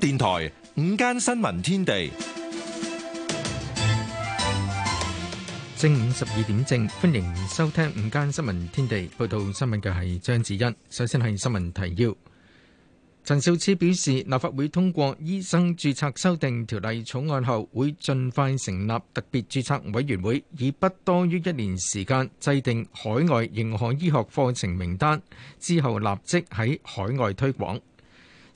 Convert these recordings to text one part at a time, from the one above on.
電台午間新聞天地，正午十二點正，歡迎收聽午間新聞天地。報道新聞嘅係張子欣。首先係新聞提要：陳肇始表示，立法會通過醫生註冊修訂條例草案後，會盡快成立特別註冊委員會，以不多於一年時間制定海外認可醫學課程名單，之後立即喺海外推廣。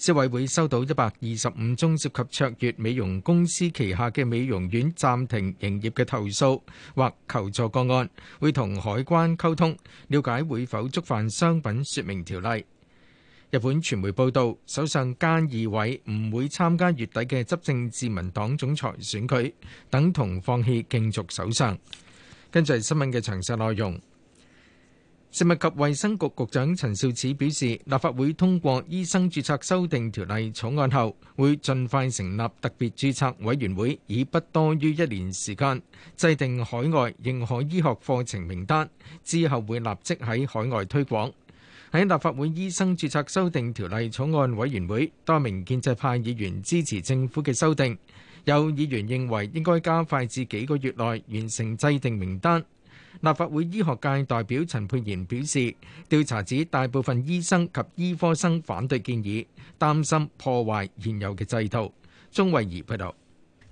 消委會收到一百二十五宗涉及卓越美容公司旗下嘅美容院暫停營業嘅投訴或求助個案，會同海關溝通，了解會否觸犯商品說明條例。日本傳媒報道，首相菅義偉唔會參加月底嘅執政自民黨總裁選舉，等同放棄競逐首相。跟住係新聞嘅詳細內容。食物及衛生局局長陳肇始表示，立法會通過醫生註冊修訂條例草案後，會盡快成立特別註冊委員會，以不多於一年時間制定海外認可醫學課程名單，之後會立即喺海外推廣。喺立法會醫生註冊修訂條例草案委員會，多名建制派議員支持政府嘅修訂。有議員認為應該加快至幾個月內完成制定名單。立法會醫學界代表陳沛然表示，調查指大部分醫生及醫科生反對建議，擔心破壞現有嘅制度。鍾慧儀報導，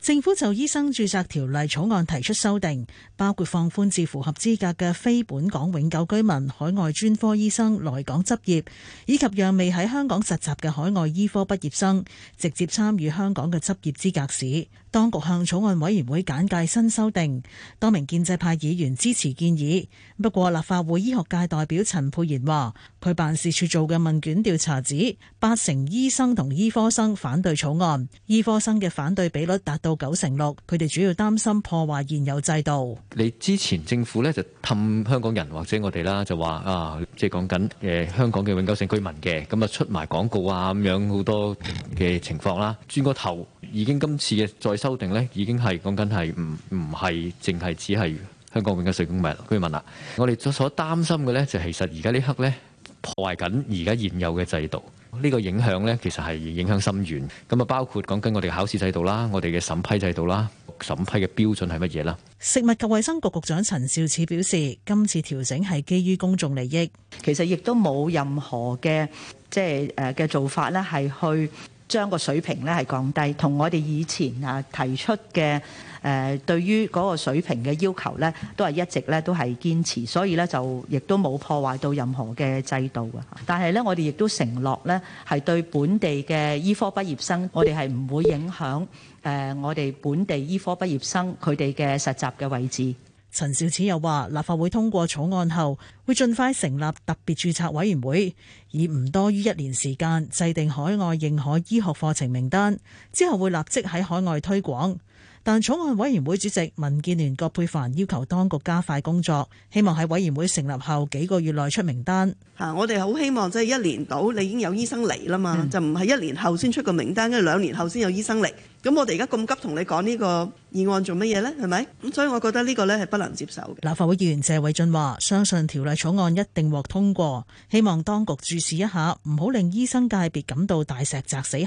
政府就醫生註冊條例草案提出修訂，包括放寬至符合資格嘅非本港永久居民、海外專科醫生來港執業，以及讓未喺香港實習嘅海外醫科畢業生直接參與香港嘅執業資格試。當局向草案委員會簡介新修訂，多名建制派議員支持建議。不過，立法會醫學界代表陳沛然話，佢辦事處做嘅問卷調查指，八成醫生同醫科生反對草案，醫科生嘅反對比率達到九成六。佢哋主要擔心破壞現有制度。你之前政府呢就氹香港人或者我哋啦、啊，就話啊，即係講緊誒香港嘅永久性居民嘅，咁啊出埋廣告啊咁樣，好多嘅情況啦。轉個頭已經今次嘅再。修訂呢，已經係講緊係唔唔係淨係只係香港永久性居民啦。我哋所所擔心嘅呢，就其實而家呢刻呢破壞緊而家現有嘅制度，呢個影響呢其實係影響深遠。咁啊，包括講緊我哋考試制度啦，我哋嘅審批制度啦，審批嘅標準係乜嘢啦？食物及衞生局局長陳肇始表示，今次調整係基於公眾利益，其實亦都冇任何嘅即係誒嘅做法呢，係去。將個水平咧係降低，同我哋以前啊提出嘅誒對於嗰個水平嘅要求咧，都係一直咧都係堅持，所以咧就亦都冇破壞到任何嘅制度啊。但係咧，我哋亦都承諾咧，係對本地嘅醫科畢業生，我哋係唔會影響誒我哋本地醫科畢業生佢哋嘅實習嘅位置。陳肇始又話，立法會通過草案後，會盡快成立特別注冊委員會，以唔多於一年時間制定海外認可醫學課程名單，之後會立即喺海外推廣。但草案委員會主席民建聯葛珮帆要求當局加快工作，希望喺委員會成立後幾個月內出名單。吓，我哋好希望即係一年到，你已經有醫生嚟啦嘛，嗯，就唔係一年後先出個名單，跟住兩年後先有醫生嚟。咁我哋而家咁急同你講呢個議案做乜嘢咧？係咪咁？所以我覺得呢個咧係不能接受嘅。立法會議員謝偉俊話，相信條例草案一定獲通過，希望當局注視一下，唔好令醫生界別感到大石砸死蟹。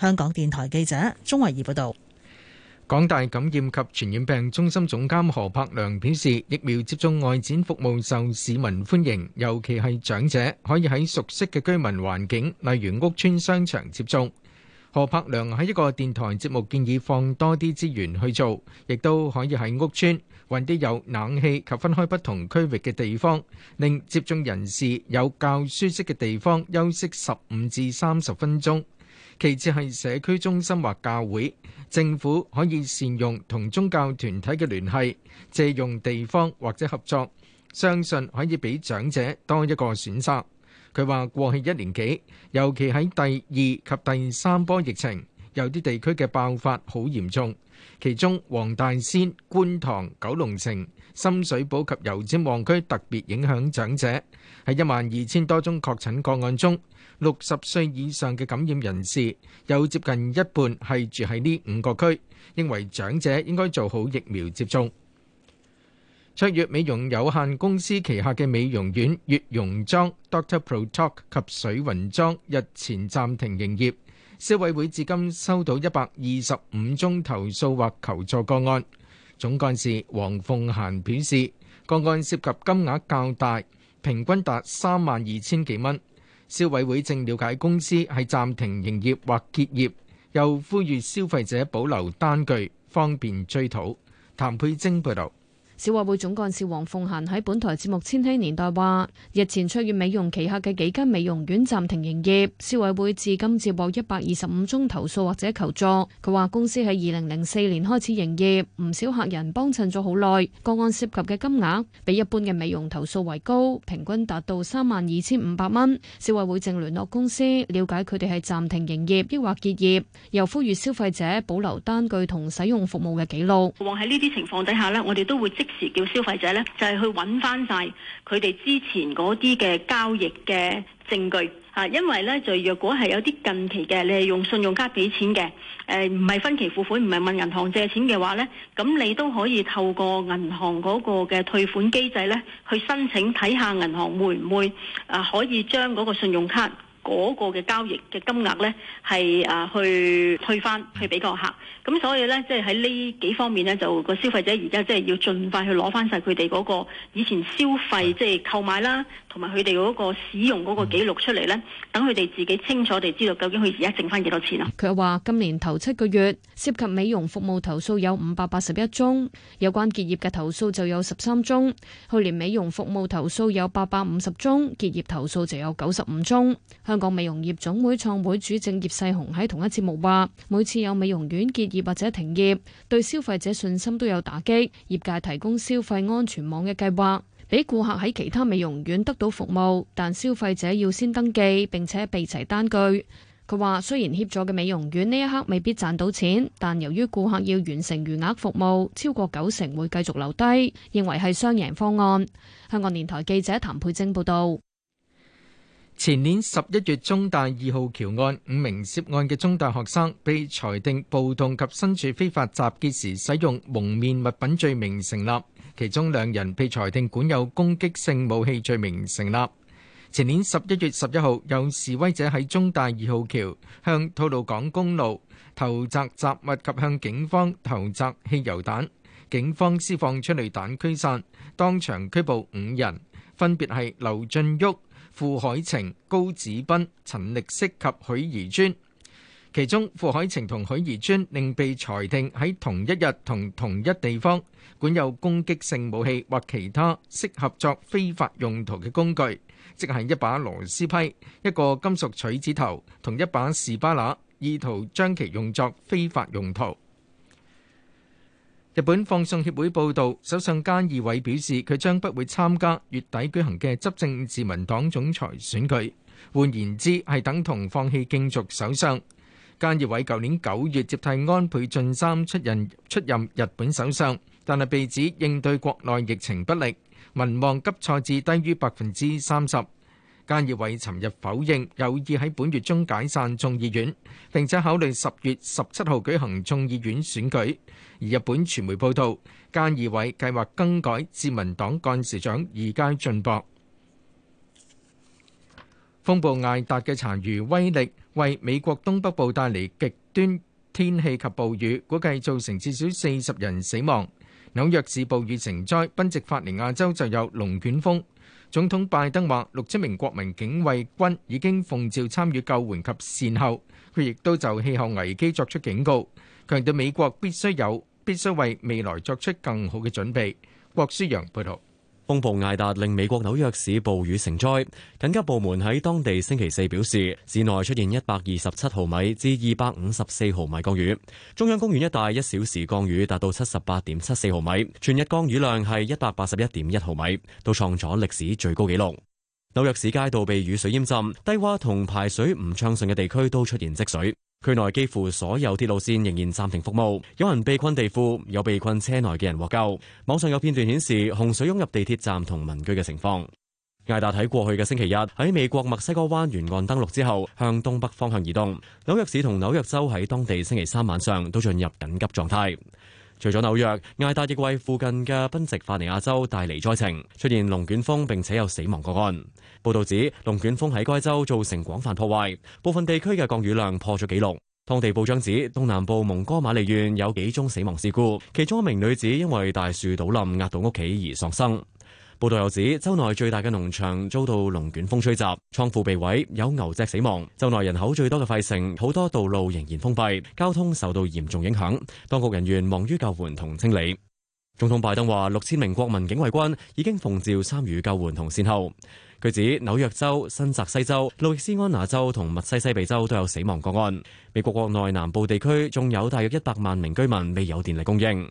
香港電台記者鍾慧儀報道。港大感染及傳染病中心總監何柏良表示，疫苗接種外展服務受市民歡迎，尤其係長者可以喺熟悉嘅居民環境，例如屋邨、商場接種。何柏良喺一個電台節目建議放多啲資源去做，亦都可以喺屋邨搵啲有冷氣及分開不同區域嘅地方，令接種人士有較舒適嘅地方休息十五至三十分鐘。其次係社區中心或教會，政府可以善用同宗教團體嘅聯繫，借用地方或者合作，相信可以俾長者多一個選擇。佢話：過去一年幾，尤其喺第二及第三波疫情，有啲地區嘅爆發好嚴重，其中黃大仙、觀塘、九龍城、深水埗及油尖旺區特別影響長者。喺一萬二千多宗確診個案中，六十歲以上嘅感染人士，有接近一半係住喺呢五個區，認為長者應該做好疫苗接種。卓越美容有限公司旗下嘅美容院悅榕莊、Doctor Protalk 及水雲莊日前暫停營業。消委會至今收到一百二十五宗投訴或求助個案，總幹事黃鳳嫻表示，個案涉及金額較大，平均達三萬二千幾蚊。消委會正了解，公司係暫停營業或結業，又呼籲消費者保留單據，方便追討，譚佩晶報道。消委會總幹事黃鳳嫻喺本台節目《千禧年代》話，日前出現美容旗下嘅幾間美容院暫停營業，消委會至今接獲一百二十五宗投訴或者求助。佢話公司喺二零零四年開始營業，唔少客人幫襯咗好耐，個案涉及嘅金額比一般嘅美容投訴為高，平均達到三萬二千五百蚊。消委會正聯絡公司了解佢哋係暫停營業抑或結業，又呼籲消費者保留單據同使用服務嘅記錄。過往喺呢啲情況底下咧，我哋都會積極。時叫消費者呢，就係去揾翻晒佢哋之前嗰啲嘅交易嘅證據，因為呢，就若果係有啲近期嘅，你係用信用卡俾錢嘅，呃，唔係分期付款，唔係問銀行借錢嘅話呢，咁你都可以透過銀行嗰個嘅退款機制呢，去申請睇下銀行會唔會啊可以將嗰個信用卡，嗰、那個嘅交易嘅金額呢，係啊去退翻去俾個客。咁所以呢，即係喺呢幾方面呢，就個消費者而家即係要盡快去攞翻晒佢哋嗰個以前消費即係、就是、購買啦，同埋佢哋嗰個使用嗰個記錄出嚟呢。等佢哋自己清楚地知道究竟佢而家剩翻幾多錢啊？佢又話：今年頭七個月涉及美容服務投訴有五百八十一宗，有關結業嘅投訴就有十三宗。去年美容服務投訴有八百五十宗，結業投訴就有九十五宗。香港美容業總會創會主席葉世雄喺同一節目話：每次有美容院結業或者停業，對消費者信心都有打擊。業界提供消費安全網嘅計劃，俾顧客喺其他美容院得到服務，但消費者要先登記，並且備齊單據。佢話雖然協助嘅美容院呢一刻未必賺到錢，但由於顧客要完成餘額服務，超過九成會繼續留低，認為係雙贏方案。香港電台記者譚佩晶報道。前年十一月中大二號橋案，五名涉案嘅中大學生被裁定暴動及身處非法集結時使用蒙面物品罪名成立，其中兩人被裁定管有攻擊性武器罪名成立。前年十一月十一號，有示威者喺中大二號橋向吐露港公路投擲雜物及向警方投擲汽油彈，警方施放催淚彈驅散，當場拘捕五人，分別係劉俊旭、傅海晴、高子斌、陳力適及許宜尊，其中傅海晴同許宜尊另被裁定喺同一日同同一地方管有攻擊性武器或其他適合作非法用途嘅工具，即係一把螺絲批、一個金屬錘子頭同一把士巴拿，意圖將其用作非法用途。日本放送協會報導，首相菅義偉表示，佢將不會參加月底舉行嘅執政自民黨總裁選舉，換言之係等同放棄競逐首相。菅義偉舊年九月接替安倍晉三出任出任日本首相，但係被指應對國內疫情不力，民望急挫至低於百分之三十。菅義偉尋日否認有意喺本月中解散眾議院，並且考慮十月十七號舉行眾議院選舉。而日本傳媒報道，菅義偉計劃更改自民黨幹事長二階俊博。風暴艾達嘅殘餘威力為美國東北部帶嚟極端天氣及暴雨，估計造成至少四十人死亡。紐約市暴雨成災，賓夕法尼亞州就有龍捲風。總統拜登話：六千名國民警衛軍已經奉召參與救援及善後。佢亦都就氣候危機作出警告，強調美國必須有必須為未來作出更好嘅準備。郭思洋報導。風暴艾達令美國紐約市暴雨成災，緊急部門喺當地星期四表示，市內出現一百二十七毫米至二百五十四毫米降雨，中央公園一帶一小時降雨達到七十八點七四毫米，全日降雨量係一百八十一點一毫米，都創咗歷史最高紀錄。紐約市街道被雨水淹浸，低洼同排水唔暢順嘅地區都出現積水。區內幾乎所有鐵路線仍然暫停服務，有人被困地庫，有被困車內嘅人獲救。網上有片段顯示洪水湧入地鐵站同民居嘅情況。艾達喺過去嘅星期日喺美國墨西哥灣沿岸登陸之後，向東北方向移動。紐約市同紐約州喺當地星期三晚上都進入緊急狀態。除咗紐約，艾達亦為附近嘅賓夕法尼亞州帶嚟災情，出現龍捲風並且有死亡個案。報導指，龍捲風喺該州造成廣泛破壞，部分地區嘅降雨量破咗紀錄。當地報章指，東南部蒙哥馬利縣有幾宗死亡事故，其中一名女子因為大樹倒冧壓到屋企而喪生。報道又指，州內最大嘅農場遭到龍捲風吹襲，倉庫被毀，有牛隻死亡。州內人口最多嘅費城，好多道路仍然封閉，交通受到嚴重影響。當局人員忙於救援同清理。總統拜登話，六千名國民警衛軍已經奉召參與救援同善後。據指，紐約州、新澤西州、路易斯安那州同密西西比州都有死亡個案。美國國內南部地區仲有大約一百萬名居民未有電力供應。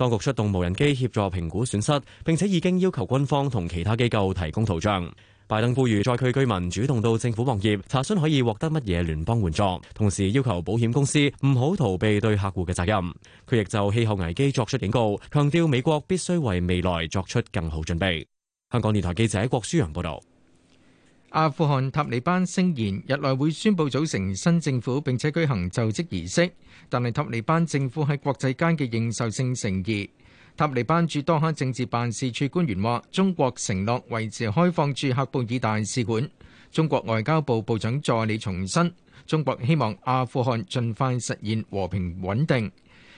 當局出動無人機協助評估損失，並且已經要求軍方同其他機構提供圖像。拜登呼籲災區居民主動到政府網頁查詢，可以獲得乜嘢聯邦援助，同時要求保險公司唔好逃避對客戶嘅責任。佢亦就氣候危機作出警告，強調美國必須為未來作出更好準備。香港電台記者郭舒揚報道。阿富汗塔利班聲言，日內會宣布組成新政府並且舉行就職儀式。但係塔利班政府喺國際間嘅認受性成疑。塔利班駐多哈政治辦事處官員話，中國承諾維持開放駐喀布爾大使館。中國外交部部長助理重申，中國希望阿富汗盡快實現和平穩定。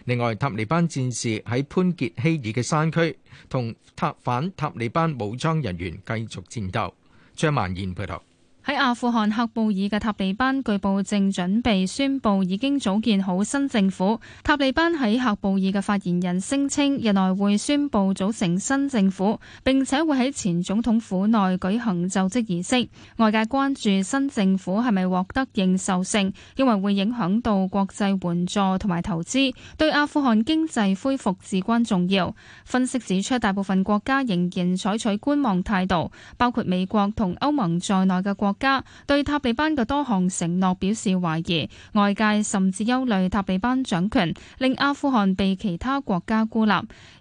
另外，塔利班戰士喺潘傑希爾嘅山區同塔反塔利班武裝人員繼續戰鬥。張曼燕報道。喺阿富汗喀布爾嘅塔利班據報正準備宣佈已經組建好新政府。塔利班喺喀布爾嘅發言人聲稱，日內會宣佈組成新政府，並且會喺前總統府內舉行就職儀式。外界關注新政府係咪獲得認受性，因為會影響到國際援助同埋投資，對阿富汗經濟恢復至關重要。分析指出，大部分國家仍然採取觀望態度，包括美國同歐盟在內嘅國國家對塔利班嘅多項承諾表示懷疑，外界甚至憂慮塔利班掌權令阿富汗被其他國家孤立。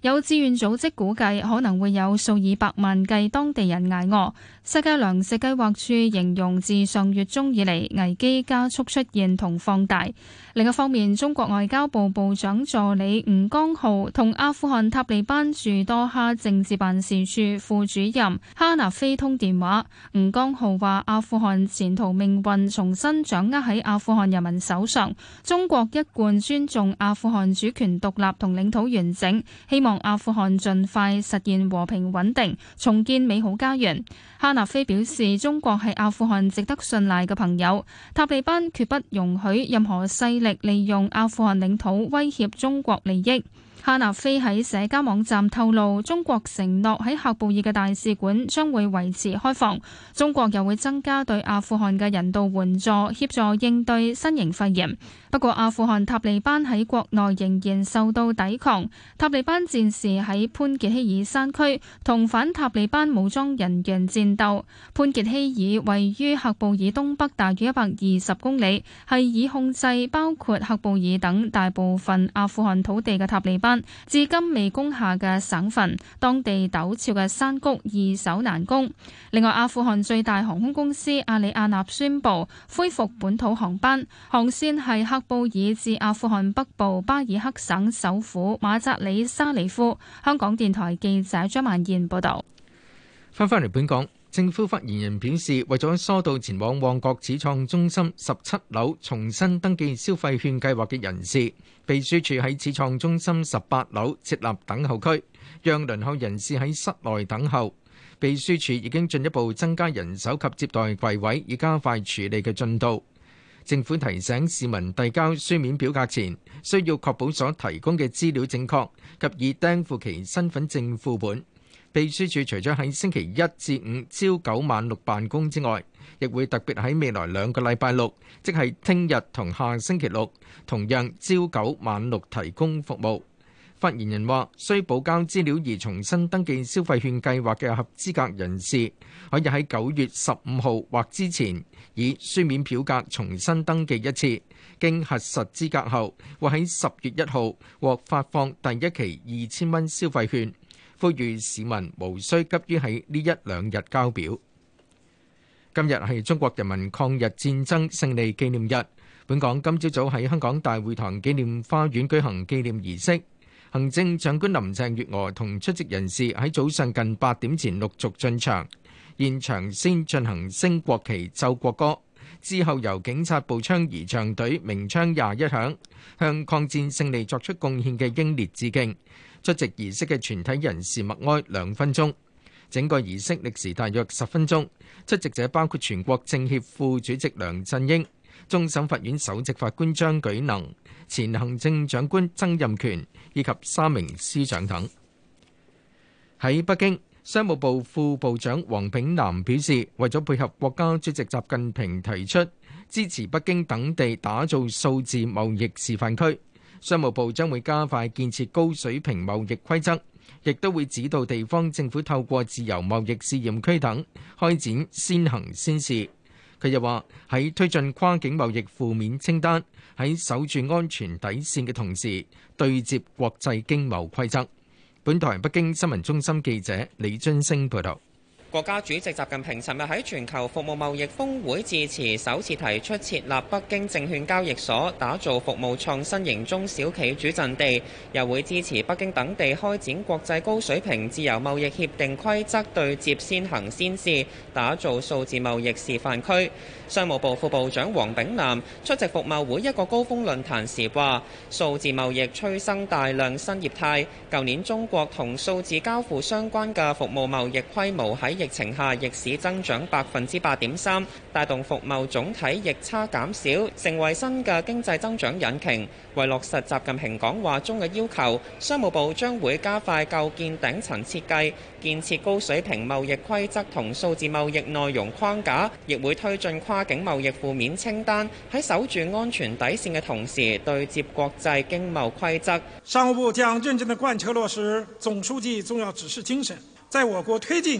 有志願組織估計可能會有數以百萬計當地人挨餓。世界糧食計劃署形容自上月中以嚟危機加速出現同放大。另一方面，中國外交部部長助理吳江浩同阿富汗塔利班駐多哈政治辦事處副主任哈納菲通電話。吳江浩話：阿阿富汗前途命運重新掌握喺阿富汗人民手上。中國一貫尊重阿富汗主權獨立同領土完整，希望阿富汗盡快實現和平穩定，重建美好家園。哈納菲表示，中國係阿富汗值得信賴嘅朋友。塔利班決不容許任何勢力利用阿富汗領土威脅中國利益。哈納菲喺社交網站透露，中國承諾喺喀布爾嘅大使館將會維持開放，中國又會增加對阿富汗嘅人道援助，協助應對新型肺炎。不過，阿富汗塔利班喺國內仍然受到抵抗，塔利班戰士喺潘傑希爾山區同反塔利班武裝人員戰鬥。潘傑希爾位於喀布爾東北大約一百二十公里，係以控制包括喀布爾等大部分阿富汗土地嘅塔利班至今未攻下嘅省份，當地陡峭嘅山谷易守難攻。另外，阿富汗最大航空公司阿里亞納宣布恢復本土航班，航線係喀布爾至阿富汗北部巴爾克省首府馬扎里沙里夫。香港電台記者張曼燕報道。翻返嚟本港。政府發言人表示，為咗疏導前往旺角始創中心十七樓重新登記消費券計劃嘅人士，秘書處喺始創中心十八樓設立等候區，讓輪候人士喺室內等候。秘書處已經進一步增加人手及接待櫃位，以加快處理嘅進度。政府提醒市民遞交書面表格前，需要確保所提供嘅資料正確，及以釘附其身份證副本。秘書處除咗喺星期一至五朝九晚六辦公之外，亦會特別喺未來兩個禮拜六，即係聽日同下星期六，同樣朝九晚六提供服務。發言人話，需補交資料而重新登記消費券計劃嘅合資格人士，可以喺九月十五號或之前，以書面表格重新登記一次，經核實資格後，會喺十月一號獲發放第一期二千蚊消費券。呼籲市民無需急於喺呢一兩日交表。今日係中國人民抗日戰爭勝利紀念日，本港今朝早喺香港大會堂紀念花園舉行紀念儀式。行政長官林鄭月娥同出席人士喺早上近八點前陸續進場，現場先進行升國旗、奏國歌，之後由警察步槍儀仗隊鳴槍廿一響，向抗戰勝利作出貢獻嘅英烈致敬。出席儀式嘅全體人士默哀兩分鐘，整個儀式歷時大約十分鐘。出席者包括全國政協副主席梁振英、終審法院首席法官張舉能、前行政長官曾蔭權以及三名司長等。喺北京，商務部副部長黃炳南表示，為咗配合國家主席習近平提出支持北京等地打造數字貿易示範區。商務部將會加快建設高水平貿易規則，亦都會指導地方政府透過自由貿易試驗區等開展先行先試。佢又話：喺推進跨境貿易負面清單，喺守住安全底線嘅同時，對接國際經貿規則。本台北京新聞中心記者李津升報道。國家主席習近平尋日喺全球服務貿易峰會致辭，首次提出設立北京證券交易所，打造服務創新型中小企主陣地；又會支持北京等地開展國際高水平自由貿易協定規則對接先行先試，打造數字貿易示範區。商務部副部長王炳南出席服貿會一個高峰論壇時話：數字貿易催生大量新業態，舊年中國同數字交付相關嘅服務貿易規模喺疫情下，逆市增長百分之八點三，帶動服貿總體逆差減少，成為新嘅經濟增長引擎。為落實習近平講話中嘅要求，商務部將會加快構建頂層設計，建設高水平貿易規則同數字貿易內容框架，亦會推進跨境貿易負面清單，喺守住安全底線嘅同時，對接國際經貿規則。商務部將認真地貫徹落實總書記重要指示精神，在我國推進。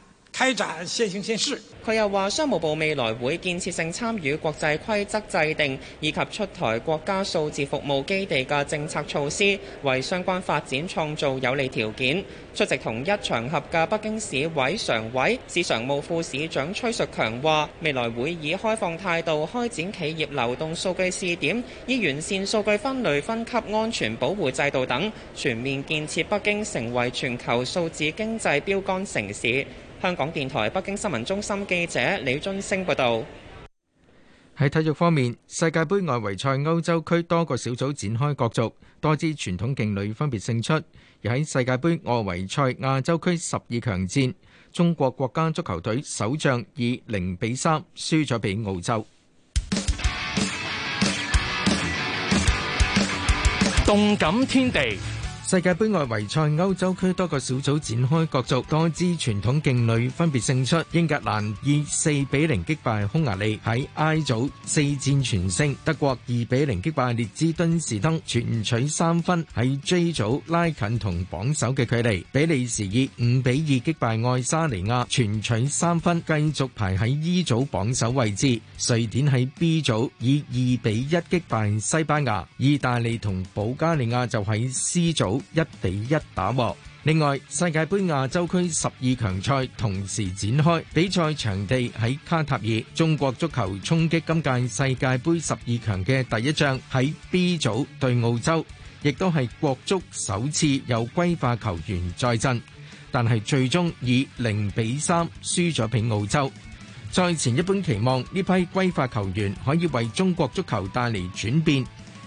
開展先行先試，佢又話商務部未來會建設性參與國際規則制定，以及出台國家數字服務基地嘅政策措施，為相關發展創造有利條件。出席同一場合嘅北京市委常委、市常務副市長崔述強話未來會以開放態度開展企業流動數據試點，以完善數據分類分級安全保護制度等，全面建設北京成為全球數字經濟標杆城市。香港電台北京新聞中心記者李俊升報道。喺體育方面，世界杯外圍賽歐洲區多個小組展開角逐，多支傳統勁旅分別勝出。而喺世界杯外圍賽亞洲區十二強戰，中國國家足球隊首仗以零比三輸咗俾澳洲。動感天地。世界杯外圍賽歐洲區多個小組展開角逐，多支傳統勁旅分別勝出。英格蘭以四比零擊敗匈牙利，喺 I 組四戰全勝；德國二比零擊敗列支敦士登，全取三分，喺 J 組拉近同榜首嘅距離。比利時以五比二擊敗愛沙尼亞，全取三分，繼續排喺 E 組榜首位置。瑞典喺 B 組以二比一擊敗西班牙，意大利同保加利亞就喺 C 組。一比一打和。另外，世界杯亞洲區十二強賽同時展開，比賽場地喺卡塔爾。中國足球衝擊今屆世界杯十二強嘅第一仗喺 B 組對澳洲，亦都係國足首次有歸化球員在陣，但係最終以零比三輸咗俾澳洲。賽前一般期望呢批歸化球員可以為中國足球帶嚟轉變。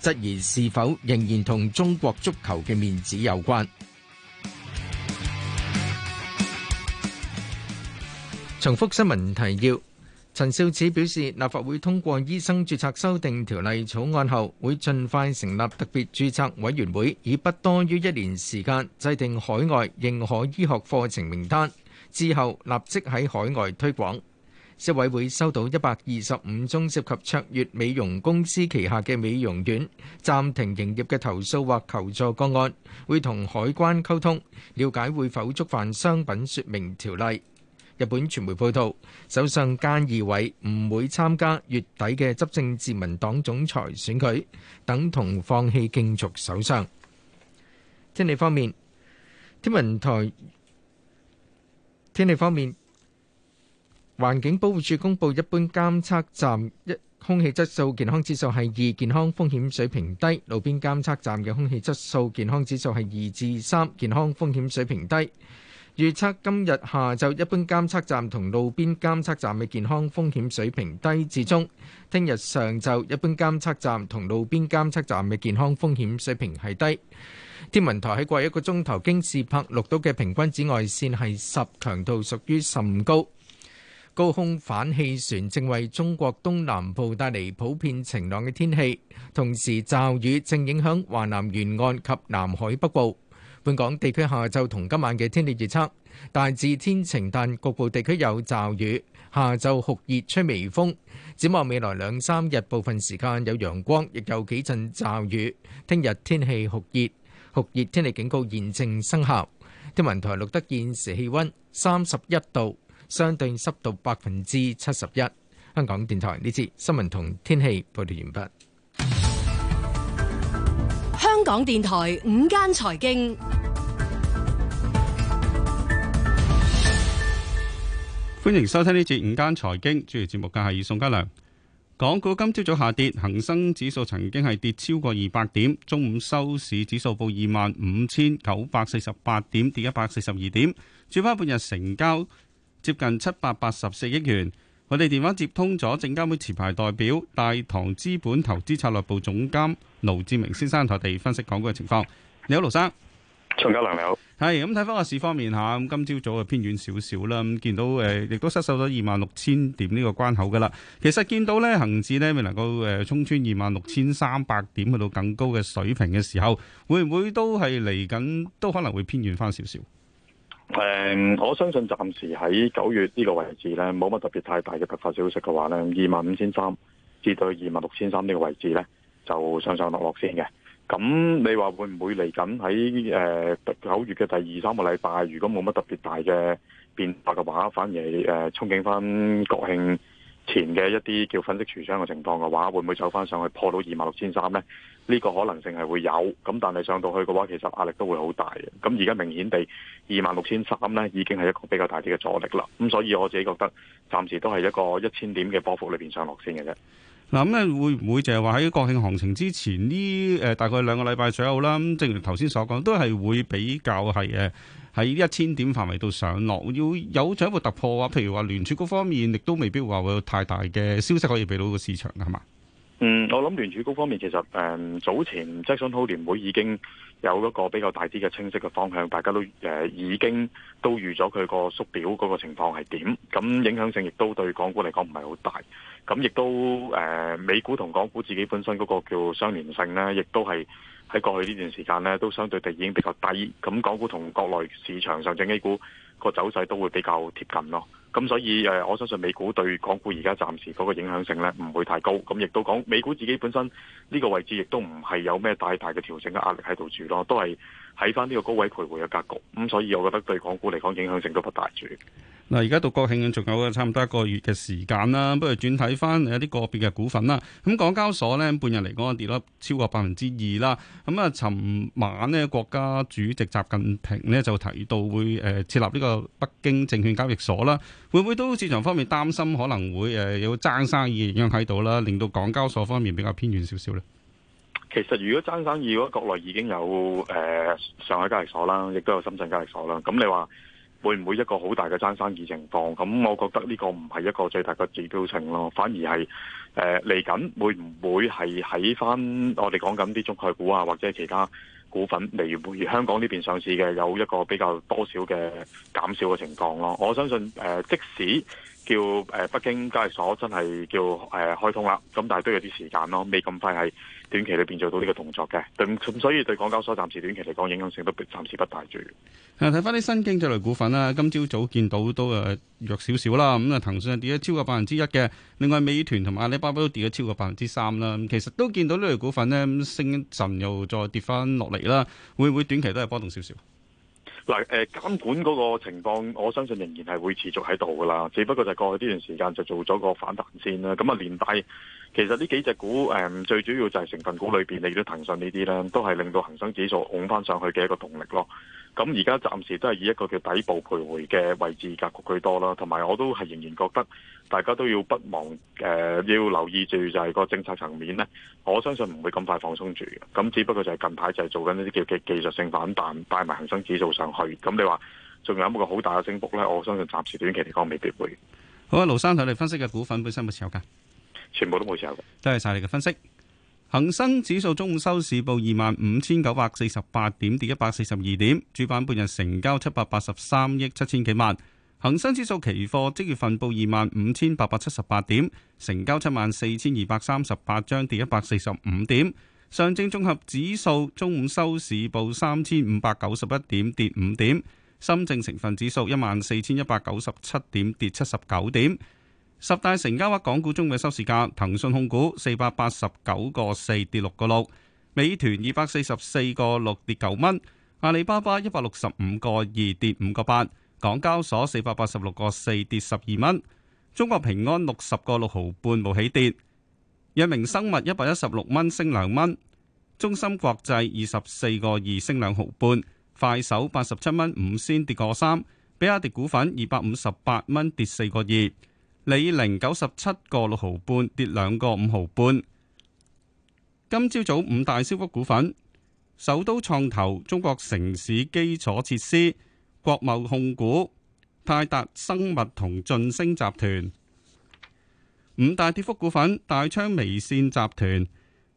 質疑是否仍然同中國足球嘅面子有關？重複新聞提要：陳肇始表示，立法會通過醫生註冊修訂條例草案後，會盡快成立特別註冊委員會，以不多於一年時間制定海外認可醫學課程名單，之後立即喺海外推廣。消委會收到一百二十五宗涉及卓悅美容公司旗下嘅美容院暫停營業嘅投訴或求助個案，會同海關溝通，了解會否觸犯商品說明條例。日本傳媒報道，首相菅義偉唔會參加月底嘅執政自民黨總裁選舉，等同放棄競逐首相。天氣方面，天文台，天氣方面。環境保護署公布一，一般監測站一空氣質素健康指數係二，健康風險水平低；路邊監測站嘅空氣質素健康指數係二至三，健康風險水平低。預測今日下晝一般監測站同路邊監測站嘅健康風險水平低至中。聽日上晝一般監測站同路邊監測站嘅健康風險水平係低。天文台喺過一個鐘頭經視拍錄到嘅平均紫外線係十強度，屬於甚高。高空反氣旋正為中國東南部帶嚟普遍晴朗嘅天氣，同時驟雨正影響華南沿岸及南海北部。本港地區下晝同今晚嘅天氣預測，大致天晴，但局部地區有驟雨。下晝酷熱，吹微風。展望未來兩三日，部分時間有陽光，亦有幾陣驟雨。聽日天氣酷熱，酷熱天氣警告現正生效。天文台錄得現時氣温三十一度。相對濕度百分之七十一。香港電台呢節新聞同天氣報道完畢。香港電台午間財經，歡迎收聽呢節午間財經，主持節目嘅係宋嘉良。港股今朝早下跌，恒生指數曾經係跌超過二百點。中午收市指數報二萬五千九百四十八點，跌一百四十二點。主板半日成交，接近七百八十四億元。我哋電話接通咗證監會持牌代表大堂資本投資策略部總監盧志明先生同我地分析講過嘅情況。你好，盧生，常家良你好。係咁睇翻個市方面吓，咁今朝早啊偏遠少少啦。咁見到誒，亦、呃、都失守咗二萬六千點呢個關口噶啦。其實見到咧，恒指呢，未能夠誒衝穿二萬六千三百點去到更高嘅水平嘅時候，會唔會都係嚟緊都可能會偏遠翻少少？誒，um，我相信暫時喺九月呢個位置咧，冇乜特別太大嘅突發消息嘅話咧，二萬五千三至到二萬六千三呢個位置咧，就上上落落先嘅。咁你話會唔會嚟緊喺誒九月嘅第二三個禮拜，如果冇乜特別大嘅變化嘅話，反而係誒憧憬翻國慶。前嘅一啲叫粉飾櫥窗嘅情況嘅話，會唔會走翻上去破到二萬六千三呢？呢個可能性係會有，咁但係上到去嘅話，其實壓力都會好大嘅。咁而家明顯地，二萬六千三呢已經係一個比較大啲嘅阻力啦。咁所以我自己覺得，暫時都係一個一千點嘅波幅裏邊上落先嘅啫。嗱咁咧，會唔會就係話喺國慶行情之前呢？誒、呃，大概兩個禮拜左右啦。正如頭先所講，都係會比較係誒喺一千點範圍度上落。要有進一步突破嘅話，譬如話聯儲局方面亦都未必話會有太大嘅消息可以俾到個市場嘅，係嘛？嗯，我諗聯儲局方面其實，誒、嗯、早前即係 Jackson Hole 聯會已經有一個比較大啲嘅清晰嘅方向，大家都誒、呃、已經都預咗佢個縮表嗰個情況係點，咁影響性亦都對港股嚟講唔係好大，咁亦都誒、呃、美股同港股自己本身嗰個叫相連性呢，亦都係喺過去呢段時間呢，都相對地已經比較低，咁港股同國內市場上證 A 股個走勢都會比較貼近咯，咁所以誒，我相信美股對港股而家暫時嗰個影響性咧唔會太高，咁亦都講美股自己本身呢個位置亦都唔係有咩太大嘅調整嘅壓力喺度住咯，都係喺返呢個高位徘徊嘅格局，咁所以我覺得對港股嚟講影響性都不大住。嗱，而家到國慶仲有差唔多一個月嘅時間啦，不如轉睇翻一啲個別嘅股份啦。咁港交所呢，半日嚟講，跌率超過百分之二啦。咁啊，尋晚呢國家主席習近平呢就提到會誒設立呢個北京證券交易所啦。會唔會都市場方面擔心可能會誒有爭生意嘅影響喺度啦，令到港交所方面比較偏遠少少呢？其實如果爭生意，如果國內已經有誒上海交易所啦，亦都有深圳交易所啦，咁你話？會唔會一個好大嘅爭生意情況？咁我覺得呢個唔係一個最大嘅指標性咯，反而係誒嚟緊會唔會係喺返我哋講緊啲中概股啊，或者其他股份嚟源，例如香港呢邊上市嘅，有一個比較多少嘅減少嘅情況咯。我相信誒、呃，即使叫誒北京交易所真係叫誒開通啦，咁但係都有啲時間咯，未咁快係。短期裏邊做到呢個動作嘅，咁所以對港交所暫時短期嚟講影響性都暫時不大。住、啊，睇翻啲新經濟類股份啦，今朝早，早見到都弱少少啦。咁啊，騰訊跌咗超過百分之一嘅，另外美團同埋阿里巴巴都跌咗超過百分之三啦。咁其實都見到呢類股份呢，升一陣又再跌翻落嚟啦，會唔會短期都係波動少少？嗱、啊，誒監管嗰個情況，我相信仍然係會持續喺度噶啦，只不過就過去呢段時間就做咗個反彈先啦。咁啊，連帶。其實呢幾隻股誒，最主要就係成分股裏邊，你都騰訊呢啲咧，都係令到恒生指數拱翻上去嘅一個動力咯。咁而家暫時都係以一個叫底部徘徊嘅位置格局居多啦。同埋，我都係仍然覺得大家都要不忘誒、呃，要留意住就係個政策層面咧。我相信唔會咁快放鬆住嘅。咁只不過就係近排就係做緊呢啲叫技技術性反彈，帶埋恒生指數上去。咁你話仲有冇個好大嘅升幅咧？我相信暫時短期嚟講未必會好啊。盧生，睇你分析嘅股份本身有冇持有噶？全部都冇上嘅。多謝晒你嘅分析。恒生指數中午收市報二萬五千九百四十八點，跌一百四十二點。主板半日成交七百八十三億七千幾萬。恒生指數期貨即月份報二萬五千八百七十八點，成交七萬四千二百三十八張，跌一百四十五點。上證綜合指數中午收市報三千五百九十一點，跌五點。深證成分指數一萬四千一百九十七點，跌七十九點。十大成交額港股中嘅收市價：騰訊控股四百八十九個四跌六個六，美團二百四十四個六跌九蚊，阿里巴巴一百六十五個二跌五個八，港交所四百八十六個四跌十二蚊，中國平安六十個六毫半冇起跌，藥明生物一百一十六蚊升兩蚊，中芯國際二十四個二升兩毫半，快手八十七蚊五先跌個三，比亞迪股份二百五十八蚊跌四個二。李寧九十七個六毫半，跌兩個五毫半。今朝早五大升幅股份：首都創投、中國城市基礎設施、國貿控股、泰達生物同晉升集團。五大跌幅股份：大昌微線集團、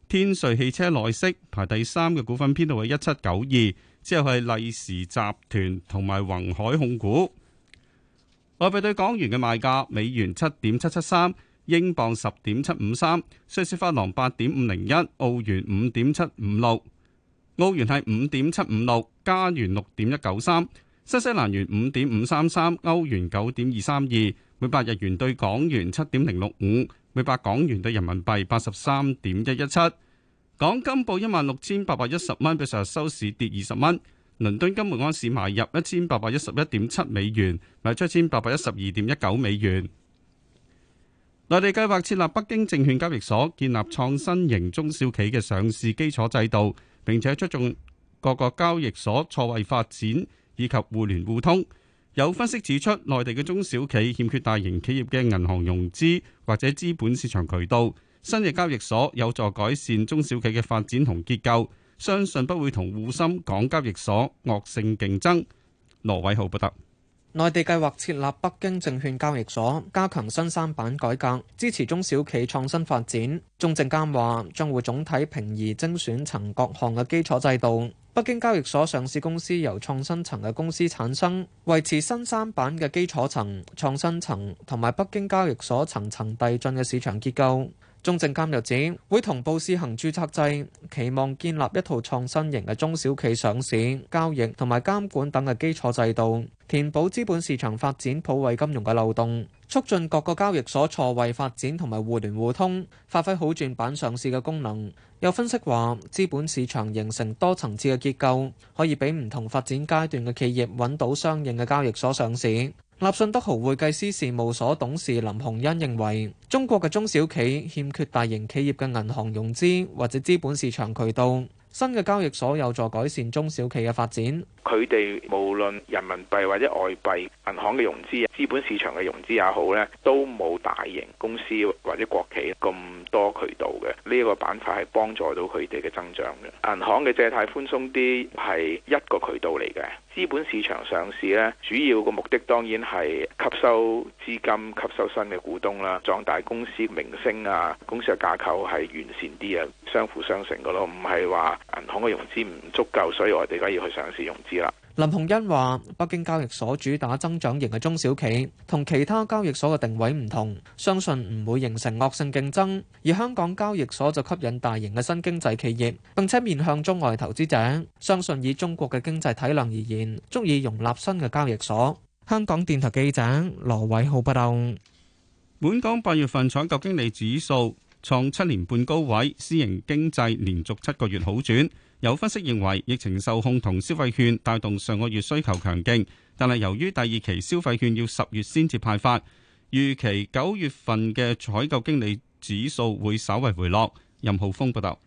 天瑞汽車內飾排第三嘅股份，編號係一七九二，之後係利時集團同埋宏海控股。外幣對港元嘅賣價：美元七點七七三，英鎊十點七五三，瑞士法郎八點五零一，澳元五點七五六，澳元係五點七五六，加元六點一九三，新西蘭元五點五三三，歐元九點二三二，每百日元對港元七點零六五，每百港元對人民幣八十三點一一七。港金報一萬六千八百一十蚊，比上日收市跌二十蚊。倫敦金門安市買入一千八百一十一點七美元，賣出一千八百一十二點一九美元。內地計劃設立北京證券交易所，建立創新型中小企嘅上市基礎制度，並且出眾各個交易所錯位發展以及互聯互通。有分析指出，內地嘅中小企欠缺大型企業嘅銀行融資或者資本市場渠道，新嘅交易所有助改善中小企嘅發展同結構。相信不會同滬深港交易所惡性競爭。羅偉浩報道，內地計劃設立北京證券交易所，加強新三板改革，支持中小企創新發展。中證監話將會總體平移精選層各項嘅基礎制度。北京交易所上市公司由創新層嘅公司產生，維持新三板嘅基礎層、創新層同埋北京交易所層層遞進嘅市場結構。中證監又指，會同步施行註冊制，期望建立一套創新型嘅中小企上市、交易同埋監管等嘅基礎制度，填補資本市場發展普惠金融嘅漏洞，促進各個交易所錯位發展同埋互聯互通，發揮好轉板上市嘅功能。有分析話，資本市場形成多層次嘅結構，可以俾唔同發展階段嘅企業揾到相應嘅交易所上市。立信德豪會計師事務所董事林洪欣認為，中國嘅中小企欠缺大型企業嘅銀行融資或者資本市場渠道，新嘅交易所有助改善中小企嘅發展。佢哋無論人民幣或者外幣銀行嘅融資啊，資本市場嘅融資也好咧，都冇大型公司或者國企咁多渠道嘅。呢一個板塊係幫助到佢哋嘅增長嘅。銀行嘅借貸寬鬆啲係一個渠道嚟嘅。資本市場上市呢主要個目的當然係吸收資金、吸收新嘅股東啦，壯大公司名聲啊，公司嘅架構係完善啲啊，相輔相成嘅咯，唔係話銀行嘅融資唔足夠，所以我哋而家要去上市融資啦。林洪恩話：北京交易所主打增長型嘅中小企，同其他交易所嘅定位唔同，相信唔會形成惡性競爭。而香港交易所就吸引大型嘅新經濟企業，並且面向中外投資者。相信以中國嘅經濟體量而言，足以容納新嘅交易所。香港電台記者羅偉浩報道。本港八月份採購經理指數創七年半高位，私營經濟連續七個月好轉。有分析認為疫情受控同消費券帶動上個月需求強勁，但係由於第二期消費券要十月先至派發，預期九月份嘅採購經理指數會稍為回落。任浩峰報道。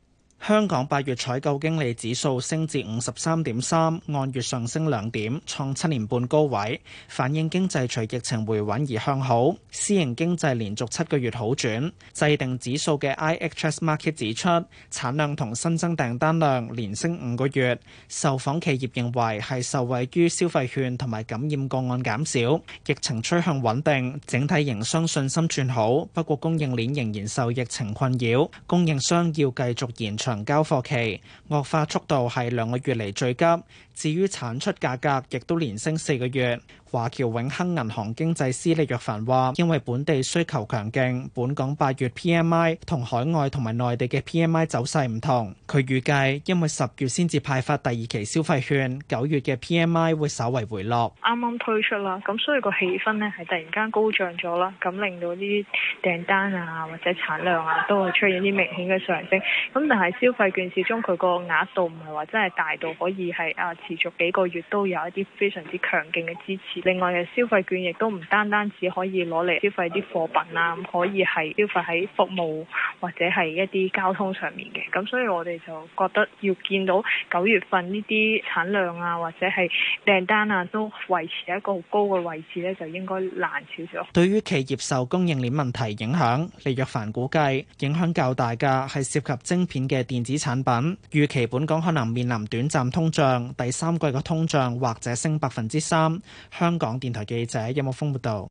香港八月採購經理指數升至五十三點三，按月上升兩點，創七年半高位，反映經濟隨疫情回穩而向好。私營經濟連續七個月好轉。制定指數嘅 IHS Markit 指出，產量同新增訂單量連升五個月。受訪企業認為係受惠於消費券同埋感染個案減少，疫情趨向穩定，整體營商信心轉好。不過供應鏈仍然受疫情困擾，供應商要繼續延長。交貨期惡化速度係兩個月嚟最急，至於產出價格亦都連升四個月。華僑永亨銀行經濟師李若凡話：因為本地需求強勁，本港八月 P M I 同海外同埋內地嘅 P M I 走勢唔同。佢預計，因為十月先至派發第二期消費券，九月嘅 P M I 會稍為回落。啱啱推出啦，咁所以個氣氛呢係突然間高漲咗啦，咁令到呢啲訂單啊或者產量啊都會出現啲明顯嘅上升。咁但係消費券始終，佢個額度唔係話真係大到可以係啊持續幾個月都有一啲非常之強勁嘅支持。另外嘅消費券亦都唔單單只可以攞嚟消費啲貨品啊，可以係消費喺服務或者係一啲交通上面嘅。咁所以我哋就覺得要見到九月份呢啲產量啊或者係訂單啊都維持一個好高嘅位置咧，就應該難少少。對於企業受供應鏈問題影響，李若凡估計影響較大嘅係涉及晶片嘅電子產品。預期本港可能面臨短暫通脹，第三季嘅通脹或者升百分之三。香香港電台記者報道：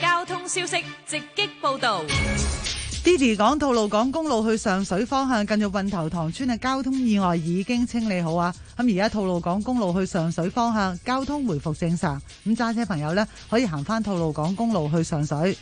交通消息直擊報道 Didi 講：吐露港公路去上水方向近日運頭塘村嘅交通意外已經清理好啊！咁而家吐露港公路去上水方向交通回復正常，咁揸車朋友呢，可以行翻吐露港公路去上水。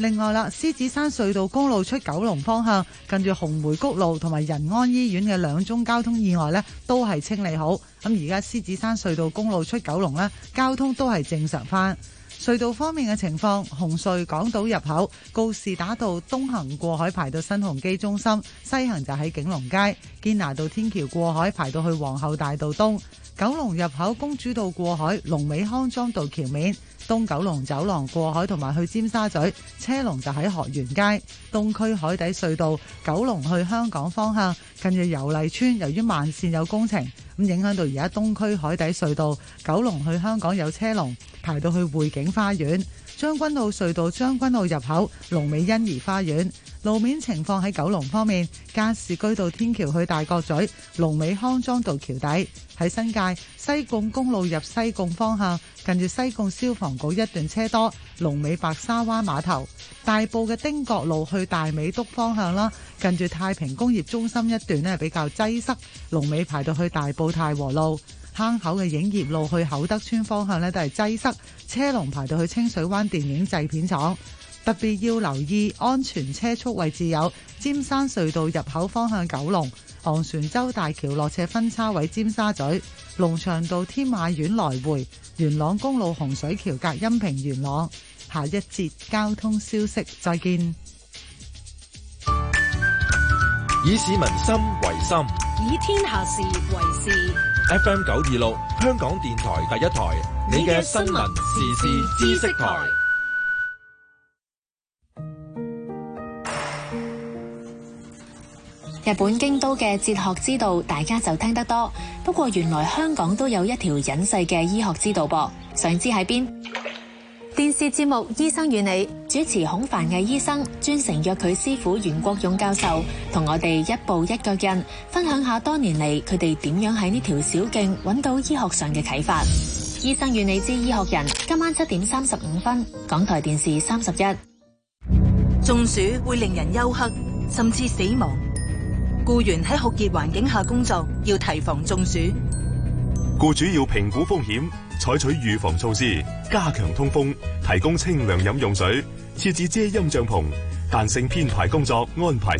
另外啦，獅子山隧道公路出九龍方向，近住紅梅谷路同埋仁安醫院嘅兩宗交通意外呢，都係清理好。咁而家獅子山隧道公路出九龍呢，交通都係正常翻。隧道方面嘅情況，紅隧港島入口告士打道東行過海排到新鴻基中心，西行就喺景隆街堅拿道天橋過海排到去皇后大道東。九龍入口公主道過海，龍尾康莊道橋面，東九龍走廊過海同埋去尖沙咀車龍就喺河源街。東區海底隧道九龍去香港方向，近日油麗邨，由於慢綫有工程，咁影響到而家東區海底隧道九龍去香港有車龍排到去匯景花園。將軍澳隧道將軍澳入口龍尾欣怡花園。路面情況喺九龍方面，加士居道天橋去大角咀、龍尾康莊道橋底；喺新界西貢公路入西貢方向，近住西貢消防局一段車多；龍尾白沙灣碼頭、大埔嘅汀角路去大美督方向啦，近住太平工業中心一段呢，比較擠塞；龍尾排到去大埔太和路、坑口嘅影業路去厚德村方向呢，都係擠塞，車龍排到去清水灣電影製片廠。特別要留意安全車速位置有：尖山隧道入口方向九龍、昂船洲大橋落斜分叉位尖沙咀、龍翔道天馬苑來回、元朗公路洪水橋隔音平元朗。下一節交通消息，再見。以市民心為心，以天下事為事。FM 九二六，香港電台第一台，你嘅新聞時事知識台。日本京都嘅哲學之道，大家就聽得多。不過原來香港都有一條隱世嘅醫學之道噃，想知喺邊？電視節目《醫生與你》主持孔繁毅醫生，專程約佢師傅袁國勇教授，同我哋一步一腳印，分享下多年嚟佢哋點樣喺呢條小徑搵到醫學上嘅啟發。《醫生與你之醫學人》今晚七點三十五分，港台電視三十一。中暑會令人休克，甚至死亡。僱員喺酷熱環境下工作，要提防中暑。僱主要評估風險，採取預防措施，加強通風，提供清涼飲用水，設置遮陰帳篷，彈性編排工作安排。